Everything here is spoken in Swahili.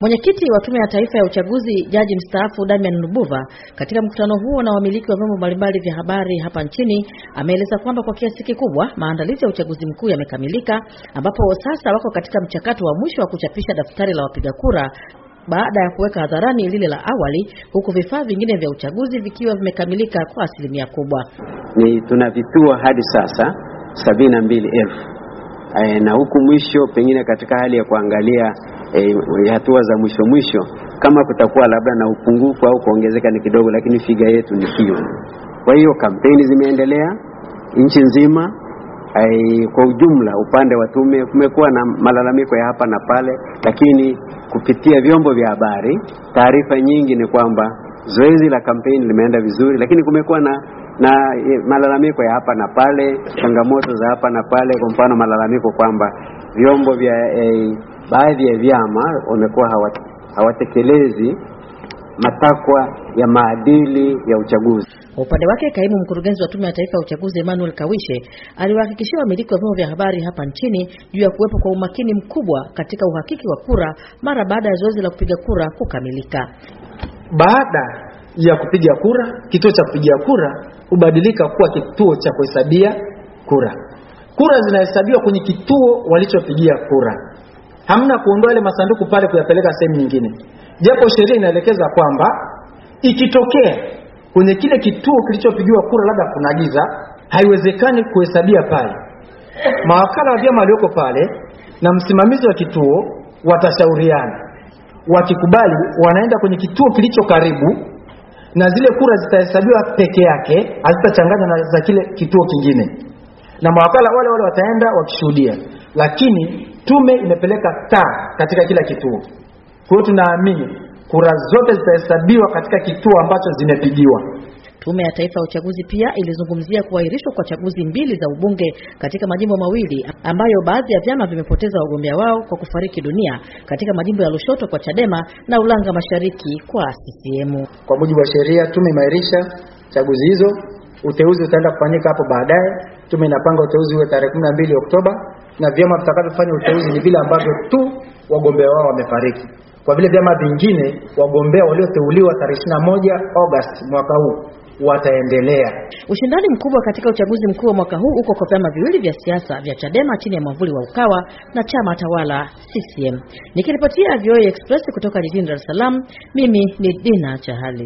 Mwenyekiti wa Tume ya Taifa ya Uchaguzi, Jaji mstaafu Damian Lubuva, katika mkutano huo na wamiliki wa vyombo mbalimbali vya habari hapa nchini, ameeleza kwamba kwa kiasi kikubwa maandalizi ya uchaguzi mkuu yamekamilika, ambapo sasa wako katika mchakato wa mwisho wa kuchapisha daftari la wapiga kura baada ya kuweka hadharani lile la awali, huku vifaa vingine vya uchaguzi vikiwa vimekamilika kwa asilimia kubwa. Ni tuna vituo hadi sasa sabini na mbili elfu eh, na huku mwisho pengine katika hali ya kuangalia E, e, hatua za mwisho mwisho, kama kutakuwa labda na upungufu au kuongezeka ni kidogo, lakini figa yetu ni hiyo. Kwa hiyo kampeni zimeendelea nchi nzima. Ay, e, kwa ujumla upande wa tume kumekuwa na malalamiko ya hapa na pale, lakini kupitia vyombo vya habari taarifa nyingi ni kwamba zoezi la kampeni limeenda vizuri, lakini kumekuwa na na e, malalamiko ya hapa na pale, changamoto za hapa na pale. Kwa mfano malalamiko kwamba vyombo vya eh, baadhi ya vyama wamekuwa hawatekelezi matakwa ya maadili ya uchaguzi. Kwa upande wake, kaimu mkurugenzi wa Tume ya Taifa ya Uchaguzi Emmanuel Kawishe aliwahakikishia wamiliki wa vyombo vya habari hapa nchini juu ya kuwepo kwa umakini mkubwa katika uhakiki wa kura mara baada ya zoezi la kupiga kura kukamilika. Baada ya kupiga kura, kituo cha kupigia kura hubadilika kuwa kituo cha kuhesabia kura. Kura zinahesabiwa kwenye kituo walichopigia kura hamna kuondoa ile masanduku pale kuyapeleka sehemu nyingine, japo sheria inaelekeza kwamba ikitokea kwenye kile kituo kilichopigiwa kura labda kuna giza, haiwezekani kuhesabia pale. Mawakala wa vyama walioko pale na msimamizi wa kituo watashauriana, wakikubali wanaenda kwenye kituo kilicho karibu, na zile kura zitahesabiwa peke yake, hazitachanganywa na za kile kituo kingine, na mawakala wale wale wataenda wakishuhudia, lakini tume imepeleka taa katika kila kituo. Kwa hiyo tunaamini kura zote zitahesabiwa katika kituo ambacho zimepigiwa. Tume ya Taifa ya Uchaguzi pia ilizungumzia kuahirishwa kwa chaguzi mbili za ubunge katika majimbo mawili ambayo baadhi ya vyama vimepoteza wagombea wao kwa kufariki dunia katika majimbo ya Lushoto kwa Chadema na Ulanga Mashariki kwa CCM. Kwa mujibu wa sheria, tume imeahirisha chaguzi hizo Uteuzi utaenda kufanyika hapo baadaye. Tume inapanga uteuzi uwe tarehe 12 Oktoba, na vyama vitakavyofanya uteuzi ni vile ambavyo tu wagombea wao wamefariki. Kwa vile vyama vingine wagombea walioteuliwa tarehe 21 August mwaka huu wataendelea. Ushindani mkubwa katika uchaguzi mkuu wa mwaka huu uko kwa vyama viwili vya siasa vya Chadema chini ya mwavuli wa Ukawa na chama tawala CCM. Nikiripotia VOA Express kutoka jijini Dar es Salaam, mimi ni Dina Chahali.